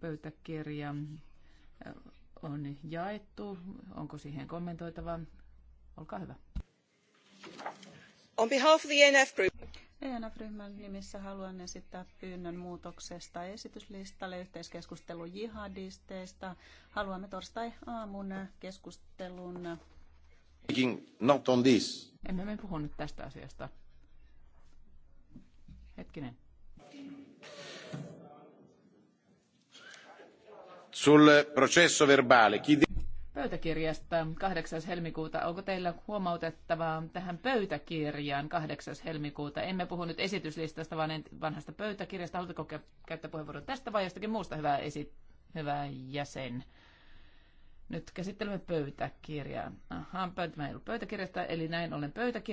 Pöytäkirja äh, on jaettu. Onko siihen kommentoitavaa? Olkaa hyvä. On behalf of the ENF Group. ENF-ryhmän nimissä haluan esittää pyynnön muutoksesta esityslistalle yhteiskeskustelu jihadisteista. Haluamme torstai-aamuna keskustelun. Not on this. Emme me puhu nyt tästä asiasta. Hetkinen. sul processo verbale. Pöytäkirjasta 8. helmikuuta. Onko teillä huomautettavaa tähän pöytäkirjaan 8. helmikuuta? Emme puhu nyt esityslistasta, vaan vanhasta pöytäkirjasta. Haluatteko käyttää puheenvuoron tästä vai jostakin muusta? Hyvä, esi- hyvä jäsen. Nyt käsittelemme pöytäkirjaa. Ahaa, pöytäkirjasta, eli näin ollen pöytäkirja.